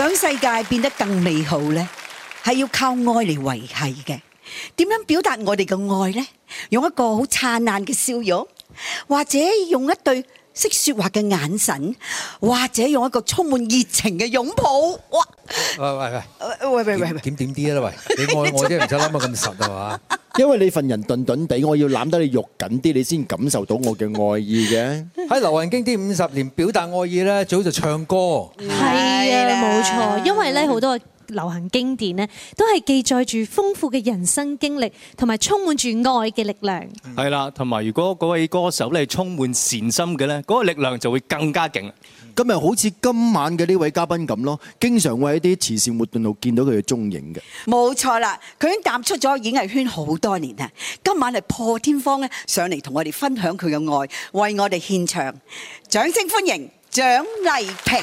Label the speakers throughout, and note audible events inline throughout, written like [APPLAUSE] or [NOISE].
Speaker 1: 想世界變得更美好呢，係要靠愛嚟維繫嘅。點樣表達我哋嘅愛呢？用一個好燦爛嘅笑容，或者用一對。識説話嘅眼神，或者用一個充滿熱情嘅擁抱，哇！喂喂喂喂喂喂，
Speaker 2: 點點啲咧？喂，
Speaker 1: 你愛我啲人，唔使諗得咁實啊嘛！
Speaker 3: 因為你份人頓頓地，我要攬得你肉緊啲，你先感受
Speaker 2: 到我嘅愛意嘅。喺《流行經典》啲五十年表達愛意咧，最好就唱歌。
Speaker 4: 係啊，冇錯，因為咧好多。流行經典咧，都係記載住豐富嘅人生經歷，同埋充滿住愛嘅力量。
Speaker 5: 係啦，同埋如果嗰位歌手咧係充滿善心嘅咧，嗰個力量就會更加勁。今日好似今晚嘅
Speaker 3: 呢位嘉賓咁咯，經常喺一啲慈善活動度見到佢嘅蹤影嘅。
Speaker 1: 冇錯啦，佢已經淡出咗演藝圈好多年啦。今晚係破天荒咧上嚟同我哋分享佢嘅愛，為我哋獻唱。掌聲歡迎蔣麗萍。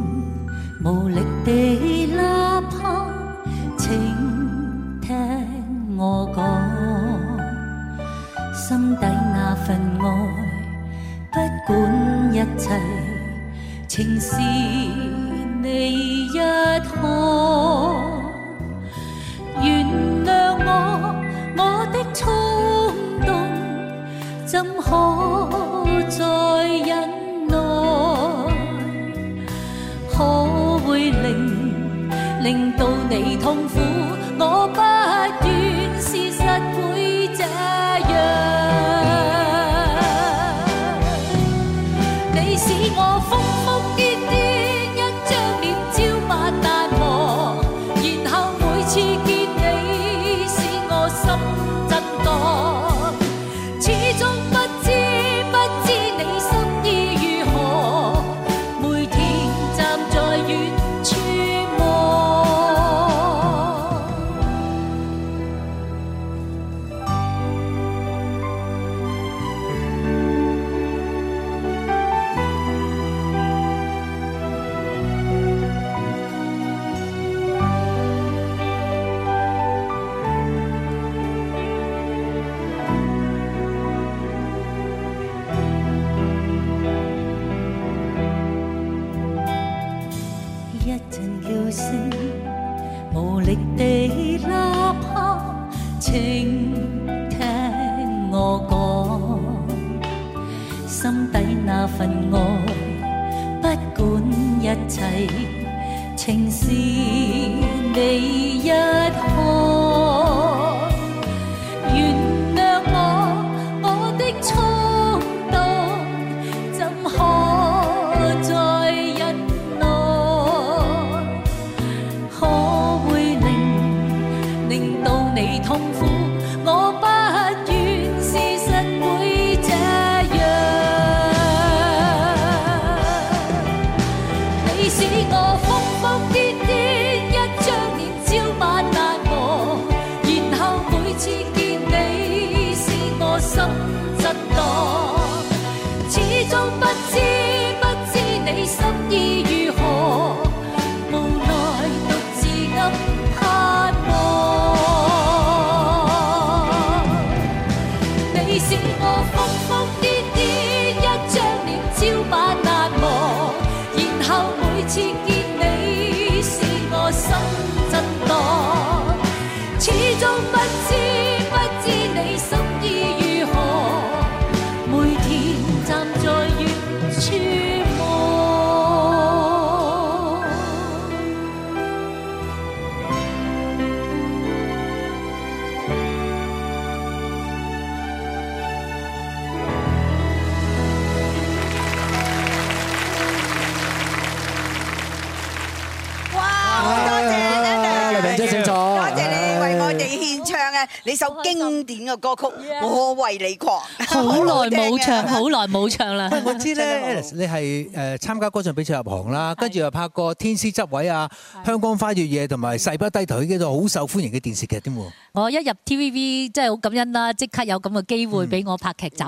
Speaker 1: 你首經典嘅歌曲《我為你狂》，好耐冇唱，好耐冇唱啦。我知咧，
Speaker 2: 你係誒參加歌唱比賽入行啦，跟住又拍過《天師執位》啊，《香港花月夜》同埋《誓不低頭》，呢啲都好受歡迎嘅電視劇添喎。
Speaker 4: 我一入 TVB 真係好感恩啦，即刻有咁嘅機會俾我拍劇集。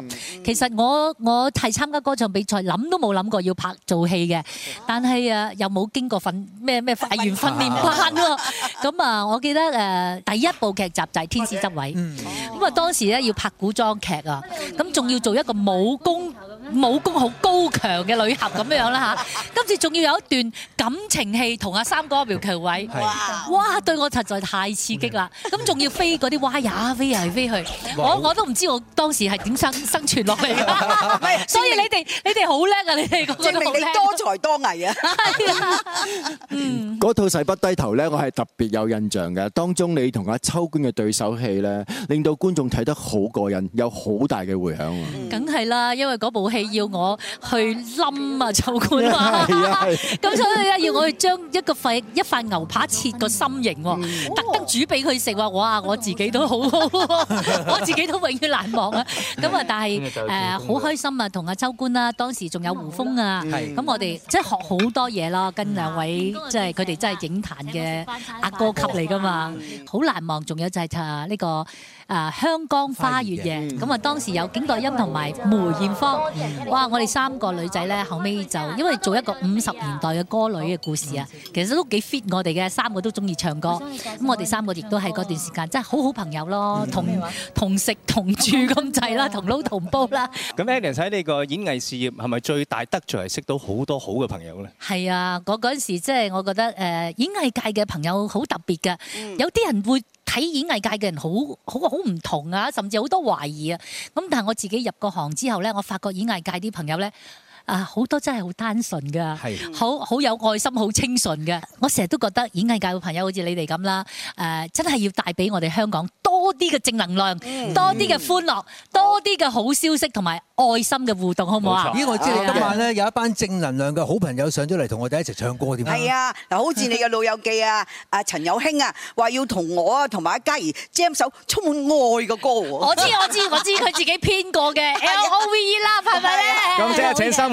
Speaker 4: 其實我我係參加歌唱比賽，諗都冇諗過要拍做戲嘅，但係誒又冇經過訓咩咩藝員訓練班喎。咁啊，我記得誒第一部劇集就係《天師》位，咁啊當時咧要拍古裝劇啊，咁仲要做一個武功武功好高強嘅女俠咁樣啦嚇，今次仲要有一段感情戲，同阿三哥苗僑偉，哇，對我實在太刺激啦！咁仲要飛嗰啲哇呀，飛嚟飛去，我我都唔知我當時係點生生存落嚟嘅，所以你哋你哋
Speaker 1: 好叻啊！你哋證明多才多藝啊！嗯。 [LAUGHS]
Speaker 3: 嗰套《誓不低頭》咧，我係特別有印象嘅。當中你同阿秋官嘅對手戲咧，令到觀眾睇得好過癮，有好大嘅迴響。
Speaker 4: 梗係啦，因為嗰部戲要我去冧啊秋官嘛，咁所以咧要我去將一個塊一塊牛扒切個心形喎，特登煮俾佢食喎。哇，我自己都好，我自己都永遠難忘啊！咁啊，但係誒好開心啊，同阿秋官啦，當時仲有胡楓啊，咁我哋即係學好多嘢咯。跟兩位即係佢哋。真係影壇嘅阿哥級嚟㗎嘛，好難忘。仲有就係啊呢個。啊！香江花月夜咁啊，當時有景代音同埋梅艷芳，哇！我哋三個女仔咧，後尾就因為做一個五十年代嘅歌女嘅故事啊，其實都幾 fit 我哋嘅三個都中意唱歌。咁我哋三個亦都係嗰段時間真係好好朋友咯，同同食同住咁滯啦，同撈同煲啦。
Speaker 5: 咁 Adrian 喺呢個演藝事業係咪最大得著係識到好多好嘅朋友咧？
Speaker 4: 係啊，我嗰陣時即係我覺得誒演藝界嘅朋友好特別嘅，有啲人會。睇演藝界嘅人好好好唔同啊，甚至好多懷疑啊。咁但係我自己入個行之後咧，我發覺演藝界啲朋友咧。啊，好多真係好單純噶，好好有愛心、好清純噶。我成日都覺得演藝界嘅朋友好似你哋咁啦，真係要帶俾我哋香港多啲嘅正能量，嗯、多啲嘅歡樂，多啲嘅好消息同埋愛心嘅互動，好唔好啊？咦，我知道
Speaker 2: 今晚咧有一班正能量嘅好朋友上咗嚟同我哋一齊唱歌，點解？啊，
Speaker 1: 嗱，好似你嘅老友記啊，阿、啊、陳友興啊，話要同我啊，同埋阿嘉怡 Jam 首充滿愛嘅歌，我知我知我知，佢
Speaker 4: 自己編過嘅 Love l，咪
Speaker 1: 咧？咁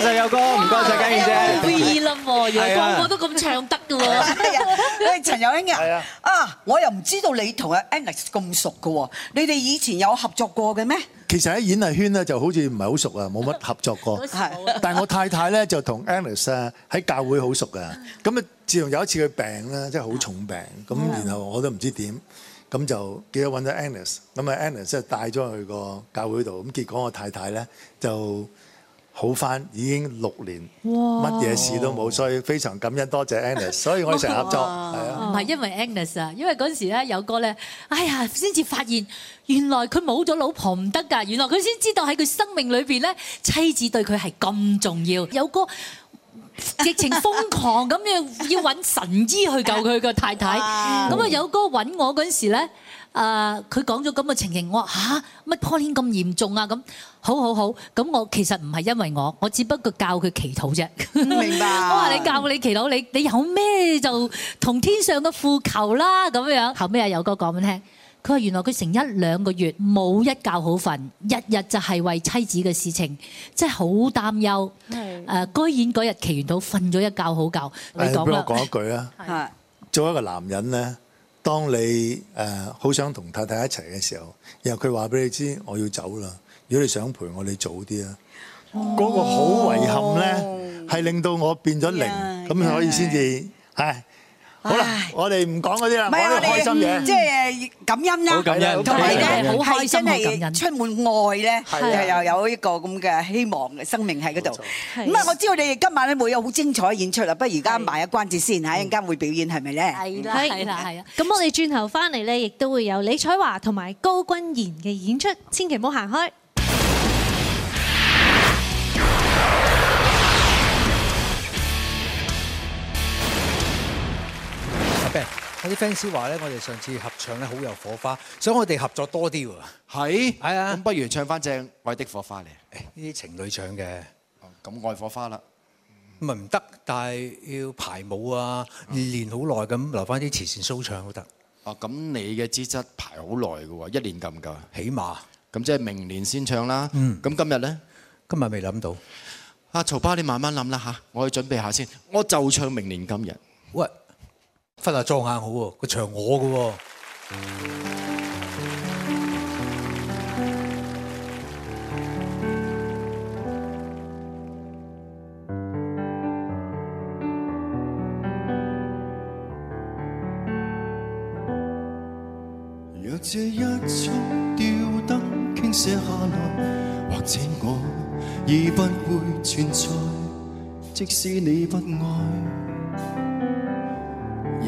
Speaker 5: 多謝友哥，唔該曬家燕姐，唔該曬。係啦，又
Speaker 1: 個個都咁唱得嘅喎。誒，陳友兄啊，啊，我又唔知道你同阿 Annie 咁熟嘅喎，你哋以前有合作過嘅咩？
Speaker 6: 其實喺演藝圈咧，就好似唔係好熟啊，冇乜合作過。係，但係我太太咧就同 Annie 啊喺教會好熟嘅。咁啊，自從有一次佢病咧，即係好重病，咁然後我都唔知點，咁就記得揾咗 Annie，咁啊 Annie 即係帶咗去個教會度，咁結果我太太咧就，好翻已經六年，乜嘢事都冇，所以非常感恩多謝 Annie，所以我哋成日合作。係啊，唔
Speaker 4: 係因為 Annie 啊，因為嗰時咧友哥咧，哎呀，先至發現原來佢冇咗老婆唔得㗎，原來佢先知道喺佢生命裏邊咧，妻子對佢係咁重要。友哥疫情瘋狂咁樣要揾神醫去救佢個太太，咁啊友哥揾我嗰時咧，啊佢講咗咁嘅情形，我話嚇乜破臉咁嚴重啊咁。好好好，咁我其實唔係因為我，我只不過教佢祈禱啫。明白。 [LAUGHS] 我話你教你祈禱你，你你有咩就同天上嘅父求啦咁樣。後尾，阿友哥講俾你聽，佢話原來佢成一兩個月冇一覺好瞓，日日就係為妻子嘅事情，真係好擔憂。係、呃。居然嗰日祈完禱瞓咗一覺好覺。你講啊。俾我講一句啊。作
Speaker 6: 做一個男人咧，當你誒好想同太太一齊嘅時候，然後佢話俾你知我要走啦。如果你想陪我，你早啲啊！嗰個好遺憾咧，係令到我變咗零，咁所以先至係。好啦，我哋唔講嗰啲啦，講啲開心嘅。即係
Speaker 1: 感恩啦，同埋係真係充滿愛咧。係係又有個咁嘅希望嘅生命喺嗰度。唔係，我知道你哋今晚咧會有好精彩嘅演出啦。不如而家賣下關節先吓，一陣間會表演係咪咧？係啦係啦係
Speaker 4: 啊！咁我哋轉頭翻嚟咧，亦都會有李彩華同埋高鈞賢嘅演出，千祈唔好行開。
Speaker 2: 啲 fans 話咧，我哋上次合唱咧好有火花，所以我哋合作多啲喎。係係啊，咁不如唱翻正《愛的火花》嚟。呢啲情侶唱嘅，咁愛火花啦。咁啊唔得，但係要排舞啊，練好耐咁，留翻啲慈善 show 唱都得。哦、嗯，咁你嘅
Speaker 3: 資質排好耐嘅喎，一年夠唔夠啊？起碼。咁即係明年先唱啦。嗯。咁今日咧，今日未諗到。阿曹巴，你慢慢諗啦吓，我去準備下先。我就唱明年今日。喂。瞓下裝眼好喎，個場我噶喎、嗯。
Speaker 7: 若這一束吊燈傾瀉下來，或者我已不會存在，即使你不愛。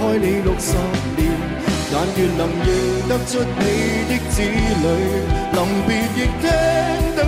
Speaker 7: 愛你六十年，但願能認得出你的子女，臨別亦聽得。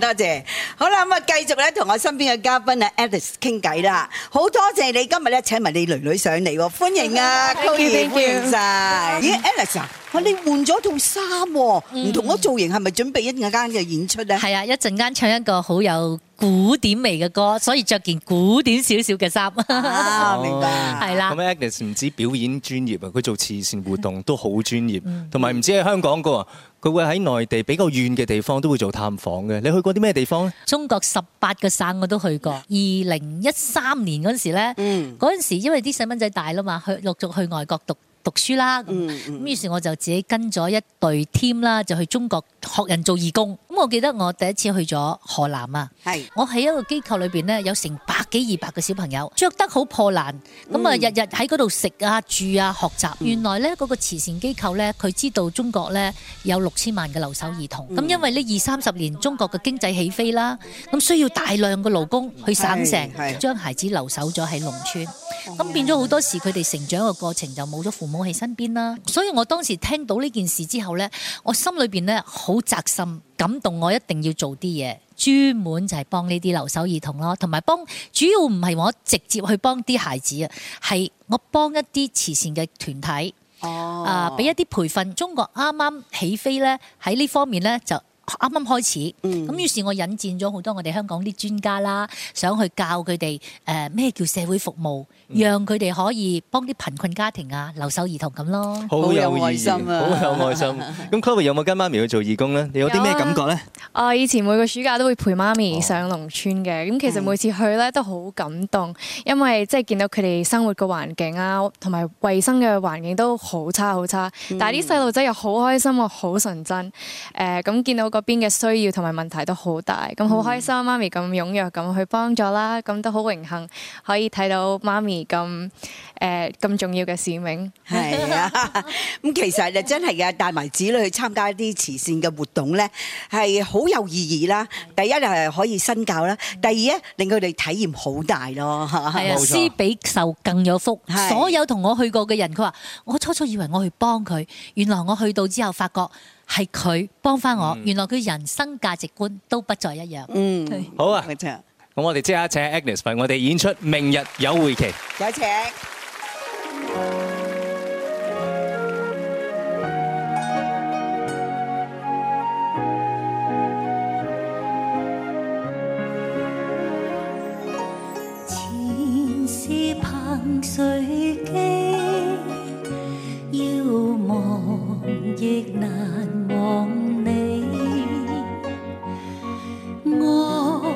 Speaker 1: 多謝，好啦，咁啊繼續咧，同我身邊嘅嘉賓啊，Alex 傾偈啦，好多謝你今日咧請埋你囡囡上嚟，歡迎啊，高賢，歡迎晒。咦，Alex 啊，我你換咗套衫，唔同嘅造型，係咪準備一陣間嘅演出咧？係啊，一陣間唱一個好有古
Speaker 4: 典味嘅歌，所以着件古典少少嘅衫。明白。係啦。
Speaker 5: 咁 Alex 唔止表演專業啊，佢做慈善活動都好專業，同埋唔止係香港噶。佢會喺內地比較遠嘅地方都會做探訪嘅。你去過啲咩地方咧？
Speaker 4: 中國十八個省我都去過。二零一三年嗰陣、嗯、時咧，嗰陣時因為啲細蚊仔大啦嘛，去陸續去外國讀讀書啦。咁、嗯、咁、嗯、於是我就自己跟咗一隊 team 啦，就去中國學人做義工。咁我記得我第一次去咗河南啊，我喺一個機構裏邊咧，有成百幾二百個小朋友很，着得好破爛，咁啊日日喺嗰度食啊住啊學習。原來咧嗰個慈善機構咧，佢知道中國咧有六千萬嘅留守兒童。咁因為呢二三十年中國嘅經濟起飛啦，咁需要大量嘅勞工去省城，將孩子留守咗喺農村。咁變咗好多時，佢哋成長嘅過程就冇咗父母喺身邊啦。所以我當時聽到呢件事之後咧，我心裏邊咧好扎心。感動我一定要做啲嘢，專門就係幫呢啲留守兒童咯，同埋幫主要唔係我直接去幫啲孩子啊，係我幫一啲慈善嘅團體，啊、哦，俾、呃、一啲培訓。中國啱啱起飛呢，喺呢方面呢。就。啱啱開始，咁、嗯、於是，我引薦咗好多我哋香港啲專家啦，想去教佢哋誒咩叫社會服務，嗯、讓佢哋可以幫啲貧困家庭啊、留守兒童咁咯。好有，有愛心啊！
Speaker 5: 好有愛心。咁 [LAUGHS] Coby 有冇跟媽咪去做義工咧？你有啲咩感覺咧、
Speaker 4: 啊？我以前每個暑假都會陪媽咪上農村嘅，咁、哦、其實每次去咧都好感動，因為即係見到佢哋生活嘅環境啊，同埋衞生嘅環境都好差好差，嗯、但係啲細路仔又好開心喎，好純真。誒、呃，咁見到。嗰邊嘅需要同埋問題都好大，咁好開心，嗯、媽咪咁踴躍咁去幫助啦，咁都好榮幸可以睇
Speaker 1: 到媽咪咁
Speaker 4: 誒咁重要嘅使命、啊。係
Speaker 1: [LAUGHS] 咁其實誒真係嘅，帶埋子女去參加啲慈善嘅活動咧，係好有意義啦。第一係可以身教啦，的第二咧令佢哋體驗好大咯。係啊，施比受更有福。所有同我去過嘅人，佢話我
Speaker 4: 初初以為我去幫佢，原來我去到之後發覺。係佢幫翻我，原來佢人生價值觀都不再一
Speaker 5: 樣。嗯，好啊，咁我哋即刻請 Agnes 為我哋演出《明日有會期》，
Speaker 1: 有請。
Speaker 8: 青
Speaker 4: 山憑誰記？要忘亦難。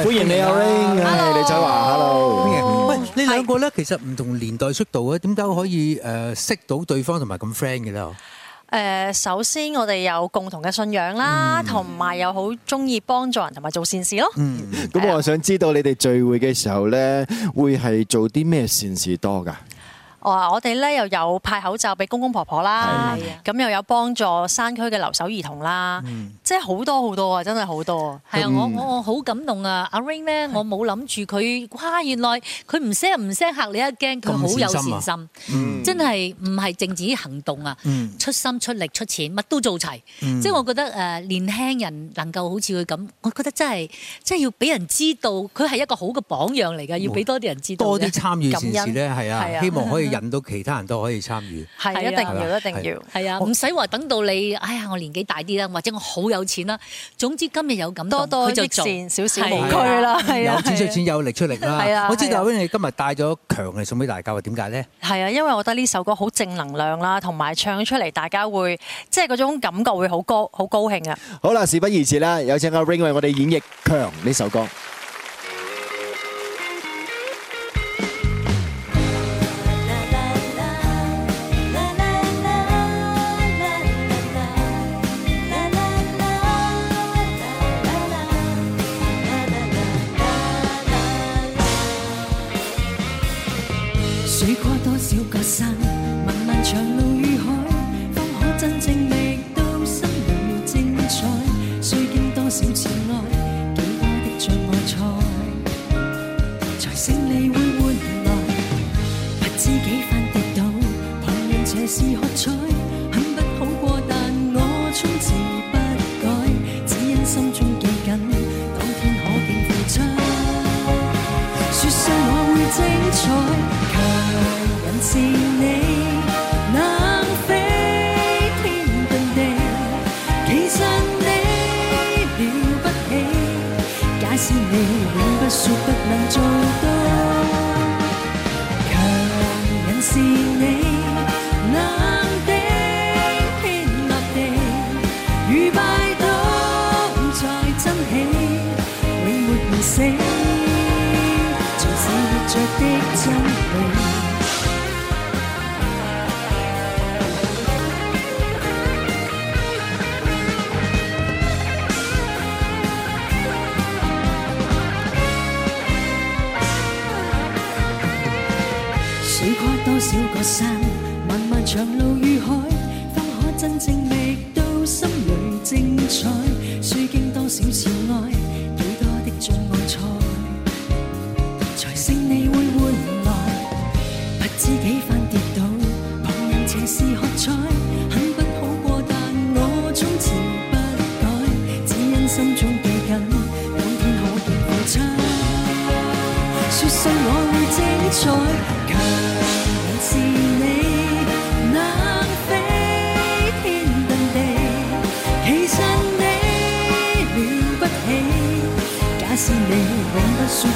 Speaker 2: 歡迎李友玲、李彩華，hello。唔係，你兩個咧，其實唔同年代出道啊，點解可以誒識到對方同埋咁 friend 嘅咧？
Speaker 4: 誒，首先我哋有共同嘅信仰啦，同埋又好鍾意幫助人同埋做善事咯。嗯，
Speaker 2: 咁我係想知道你哋聚會
Speaker 3: 嘅時候咧，會係做啲咩善事多㗎？
Speaker 4: 哦、我哋咧又有派口罩俾公公婆婆啦，咁、啊、又有幫助山區嘅留守兒童啦，嗯、即係好多好多啊，真係好多啊！係、嗯、啊，我我我好感動啊！嗯、阿 Ring 咧、啊，我冇諗住佢，哇，原來佢唔聲唔聲嚇你一驚，佢好有善心，嗯嗯、真係唔係淨止行動啊、嗯，出心出力出錢，乜都做齊。嗯、即係我覺得誒、呃、年輕人能夠好似佢咁，我覺得真係真係要俾人知道，佢係一個好嘅榜樣嚟㗎、嗯，要俾多啲人知道，多啲參與善事啊，希望可以。 [LAUGHS] 引
Speaker 2: 到其他人都可以參與，係一定要，一定要，係
Speaker 4: 啊，唔使話等到你，哎呀，我年紀大啲啦，或者我好有錢啦，總之今日有咁多多益善少少無拘啦，係啊，有錢出錢，
Speaker 2: 有力出力啦。我知道阿 Ring 你今日帶咗強嚟送俾大家，點解呢？
Speaker 4: 係啊，因為我覺得呢首歌好正能量啦，同埋唱出嚟大家會即係嗰種感覺會好高好高興啊！
Speaker 3: 好啦，事不宜遲啦，有請阿 Ring 為我哋演繹強呢首歌。
Speaker 9: 需跨多少個山，漫漫長路與海，方可真正覓到心裏精彩。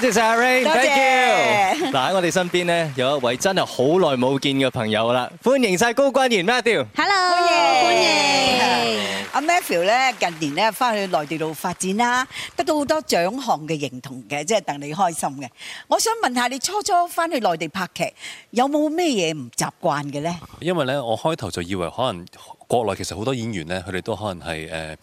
Speaker 5: 多謝曬 Rain，多謝嗱喺我哋身邊咧，有一位真係好耐冇見嘅朋友啦，歡迎曬高鈞賢 Matthew。
Speaker 1: Hello，歡迎。阿 Matthew 咧近年咧翻去內地度發展啦，得到好多獎項嘅認同嘅，即係戥你開心嘅。我想問下你初初翻去內地拍劇，有冇咩嘢唔習慣嘅咧？
Speaker 10: 因為咧，我開頭就以為可能國內其實好多演員咧，佢哋都可能係誒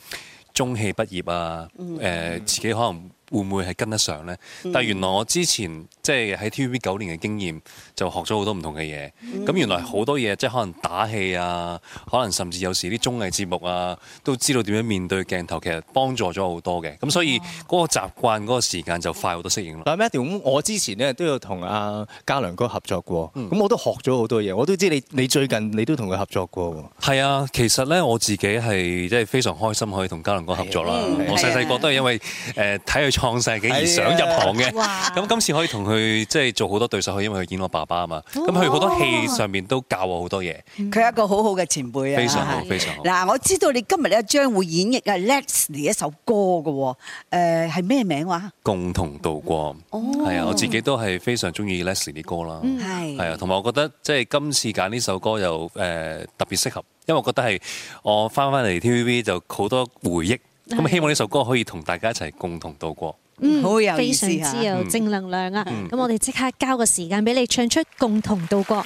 Speaker 10: 中戲畢業啊，誒自己可能。會唔會係跟得上咧？嗯、但原來我之前。即係喺 TVB 九年嘅經驗就學咗好多唔同嘅嘢。咁、嗯、原來好多嘢，即係可能打戲啊，可能甚至有時啲綜藝節目啊，都知道點樣面對鏡頭其實幫助咗好多嘅。咁所以
Speaker 5: 嗰個習慣、嗰個時間就快好多適應啦。阿 Matthew，咁我之前咧都有同阿嘉良哥合作過，咁、嗯、我都學咗好多嘢。我都知你你最近你都同佢合作過。係啊，
Speaker 10: 其實咧我自己係即係非常開心可以同嘉良哥合作啦。是啊是啊、我細細個都係因為誒睇佢創世紀而想入行嘅。咁今、啊、次可以同佢。佢即係做好多對手，佢因為佢演我爸爸啊嘛，咁佢好多戲上面都教我好多嘢。
Speaker 1: 佢係一個好好嘅前輩啊，非常好，非常好。嗱，我知道你今日咧將會演繹啊 Leslie 嚟一首歌嘅，誒係咩名話？
Speaker 10: 共同度過。哦，係啊，我自己都係非常中意 Leslie 啲歌啦。嗯，係。係啊，同埋我覺得即係今次揀呢首歌又誒特別適合，因為我覺得係我翻翻嚟 TVB 就好多回憶，咁希望呢首歌可以同大家一齊共同度過。
Speaker 4: 嗯、mm，非常之有正能量啊！咁、mm. 我哋即刻交個時間俾你唱出共同渡過。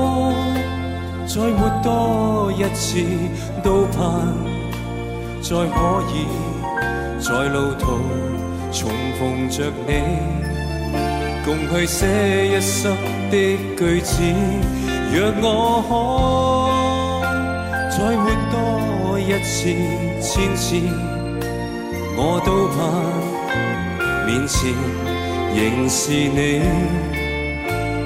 Speaker 11: 再活多一次，都盼再可以在路途重逢着你，共去寫一生的句子。若我可再活多一次、千次，我都盼面前仍是你。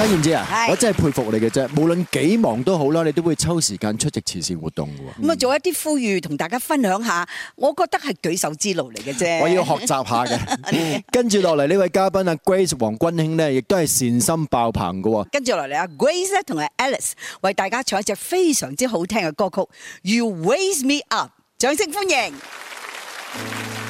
Speaker 3: 家燕姐啊，我真係佩服你嘅啫，無論幾忙都好啦，你都會抽時間出席慈善活動
Speaker 1: 嘅。咁、嗯、啊，做一啲呼籲同大家分享下，我覺得係舉手之勞嚟嘅啫。我要學習下
Speaker 3: 嘅。 [LAUGHS] 跟住落嚟呢位嘉賓啊，Grace 黃君卿呢，亦都係善心爆棚嘅。
Speaker 1: 跟住落嚟，阿 Grace 同埋 Alice 為大家唱一隻非常之好聽嘅歌曲，You Raise Me Up，掌聲歡迎。嗯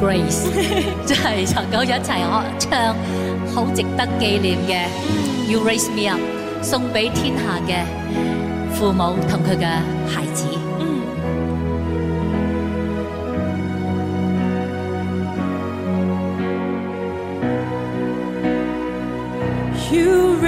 Speaker 4: Grace，即係能夠一齊學唱，好值得紀念嘅。You Raise Me Up，送俾天下嘅父母同佢嘅孩子。You。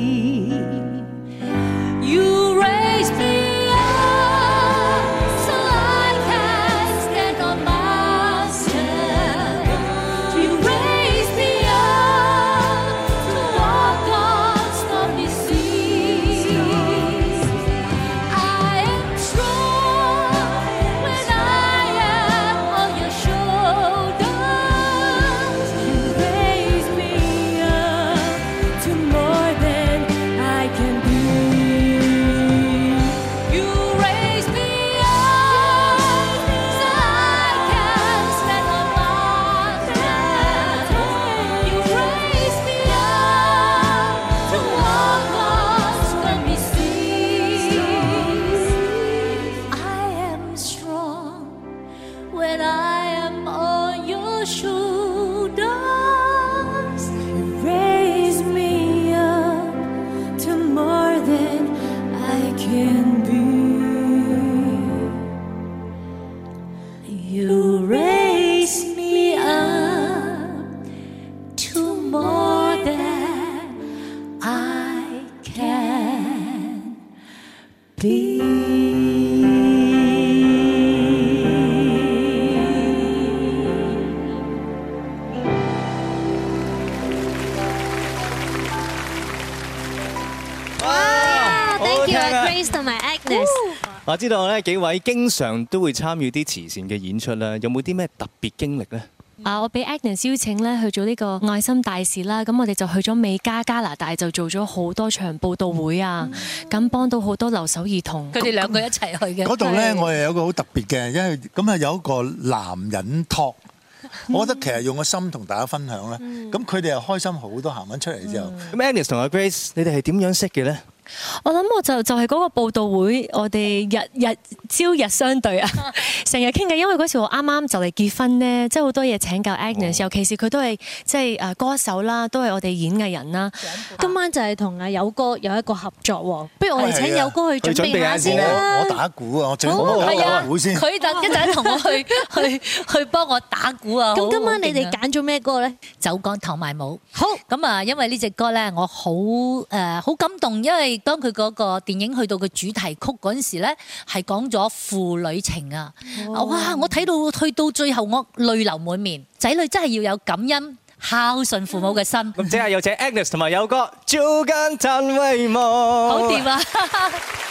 Speaker 5: 哇，好
Speaker 4: 聽啊！好聽啊！
Speaker 5: 我知道呢，幾位經常都會參與啲慈善嘅演出啦，有冇啲咩特別經歷呢？
Speaker 4: 啊！我俾 Agnes 邀請咧去做呢個愛心大使啦，咁我哋就去咗美加加拿大就做咗好多場報導會啊，咁幫到好多留守兒童。佢哋兩個一齊去嘅。嗰度咧，
Speaker 6: 我又有個好特別嘅，因為咁啊有一個男人托。 [LAUGHS] 我覺得其實用個心同大家分享啦。咁佢哋又開心好多，行返出嚟之後。
Speaker 5: 咁 Agnes 同阿 Grace，你哋係點樣識嘅咧？
Speaker 4: 我諗我就就係嗰個報道會，我哋日日朝日相對啊，成日傾偈。因為嗰時我啱啱就嚟結婚咧，即係好多嘢請教 Agnes、哦、尤其是佢都係即係誒歌手啦，都係我哋演藝人啦。今晚就係同阿友哥有一個合作，不如我哋請友哥去準備下先啦。我打鼓
Speaker 6: 啊，我最好我開先。佢
Speaker 4: 等一陣同我去去去幫我打鼓啊。咁、哦哦、 [LAUGHS] 今晚你哋揀咗咩歌咧？《走鋼糖》埋舞。好。咁啊，因為呢隻歌咧，我好誒好、呃、感動，因為。當佢嗰個電影去到個主題曲嗰陣時咧，係講咗父女情啊！哇，哇，我睇到去到最後，我淚流滿面。仔女真係要有感恩孝順父母嘅心。咁即
Speaker 5: 係有請 Agnes 同埋友哥中間讚為母。好掂啊！
Speaker 4: [LAUGHS]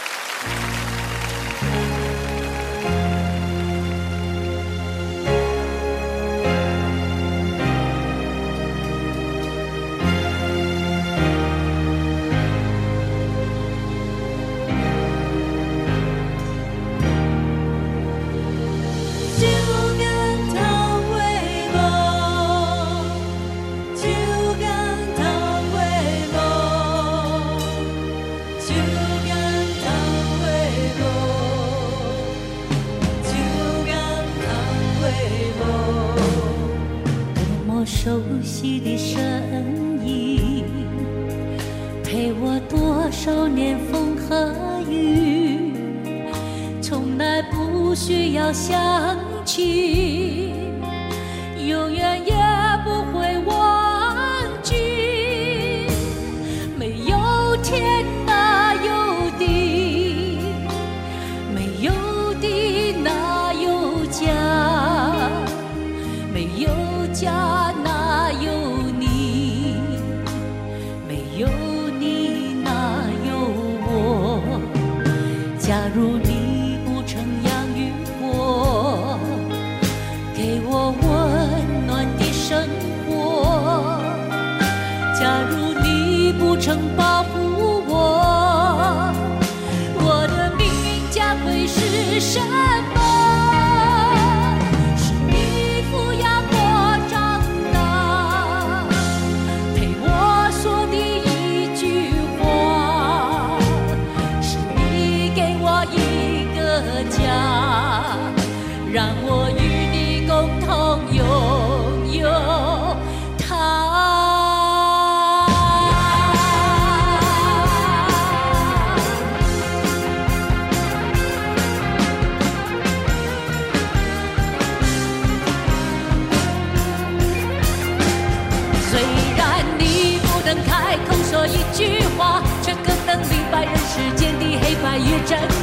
Speaker 4: 城保護我，我的命運將會是什麼？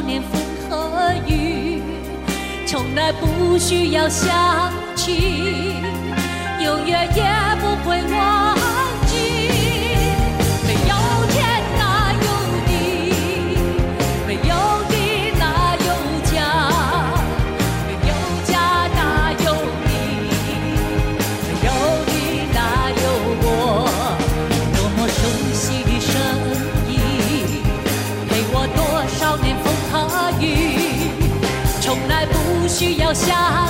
Speaker 4: 多年風和雨，從來不需要想起，永遠也不會忘。需要下。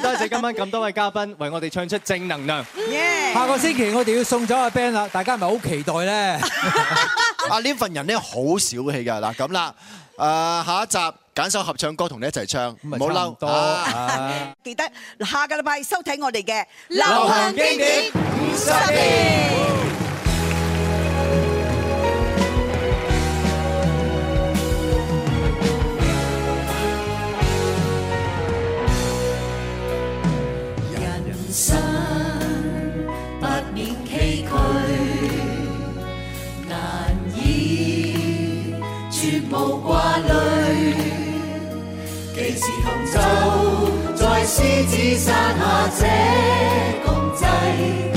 Speaker 9: 多謝
Speaker 5: 今晚咁多位嘉賓為我哋唱出正能量。
Speaker 9: 下個星
Speaker 5: 期我哋要送走阿 Ben 啦，大家係咪好期待咧？阿呢份人咧好小氣
Speaker 3: 㗎，嗱咁啦。誒下一集揀首合唱歌同你一齊唱，唔好嬲。
Speaker 1: 記得下個禮拜收睇我哋嘅流行經典五十年。
Speaker 8: 掛慮，既是同舟，在獅子山下且共濟。